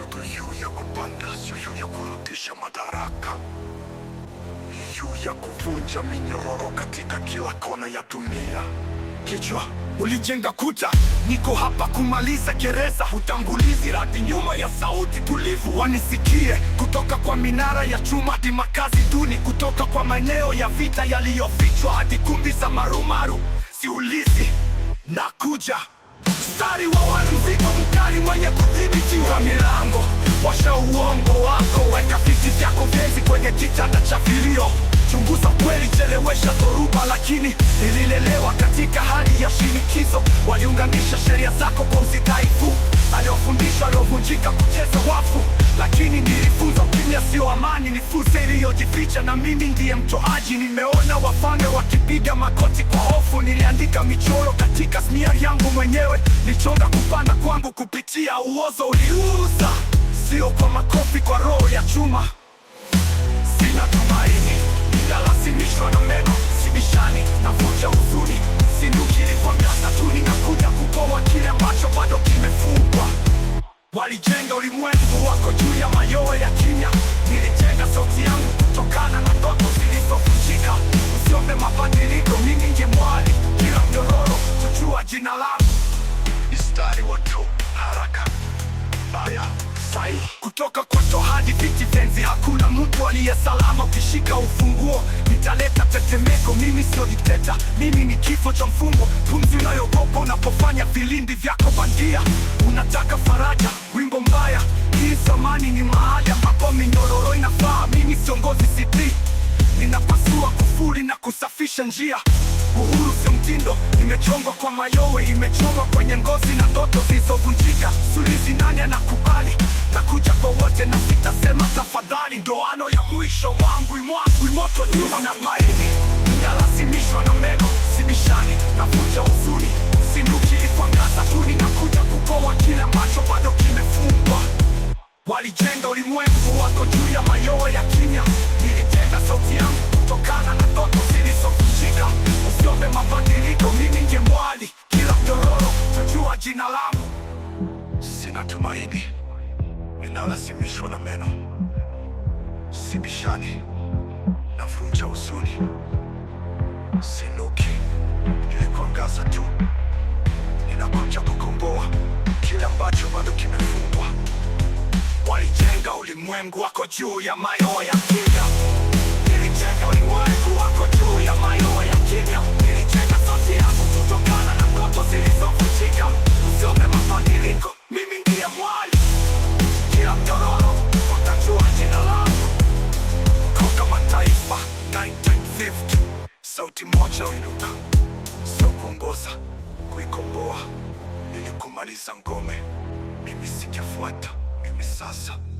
Asubuhi ya kupanda, asubuhi ya kurudisha madaraka, asubuhi ya kuvunja minyororo katika kila kona ya dunia. Kichwa ulijenga kuta, niko hapa kumaliza gereza. utangulizi radi nyuma ya sauti tulivu, wanisikie kutoka kwa minara ya chuma hadi makazi duni, kutoka kwa maeneo ya vita yaliyofichwa hadi kumbi za marumaru. Siulizi nakuja, mstari wa askari mwenye kudhibitiwa milango, washa uongo wako, weka viti vyako vyezi kwenye kitanda cha vilio. Chunguza kweli, chelewesha dhoruba, lakini nililelewa katika hali ya shinikizo. Waliunganisha sheria zako kwa uzidhaifu, aliofundishwa aliovunjika kucheza wafu, lakini nilifunza kimya sio amani, ni fursa iliyojificha, na mimi ndiye mtoaji. Nimeona wafanya wakipiga makoti kwa hofu. Niliandika michoro katika snia yangu mwenyewe, nichonga kupanda kwangu kupitia uozo uliuza, sio kwa makofi, kwa roho ya chuma. Sina tumaini. jina langu. istari wa haraka baya sai kutoka kwato hadi viti tenzi, hakuna mtu aliye salama. Ukishika ufunguo nitaleta tetemeko. Mimi sio dikteta, mimi ni kifo cha mfungo, pumzi unayogopa unapofanya vilindi vyako bandia. Unataka faraja, wimbo mbaya. Hii zamani ni mahali ambapo minyororo inafaa. Mimi siongozi, sipi, ninapasua kufuri na kusafisha njia. Uhuru mtindo, imechongwa kwa mayowe, imechongwa kwenye ngozi na ndoto zilizovunjika. Sulizi nani anakubali? Nakuja kwa wote na sitasema tafadhali. Ndoano ya mwisho wangu imwangu moto, juu na maini, nalazimishwa na mego sibishani, navuja huzuni, sinduki ikwangaza tuni, kuja kukoa kile ambacho bado kimefungwa. Walijenga ulimwengu wako juu ya mayowe ya kimya, nilijenga sauti yangu kutokana na ndoto na lazimishwa na meno, sibishani na usuni, sinuki ili kuangaza tu, ninakuja kukomboa kile ambacho bado kimefungwa. Walijenga ulimwengu wako juu ya ya kida Nishainuka, sio kuongoza, kuikomboa ili kumaliza ngome. Mimi sijafuata, mimi sasa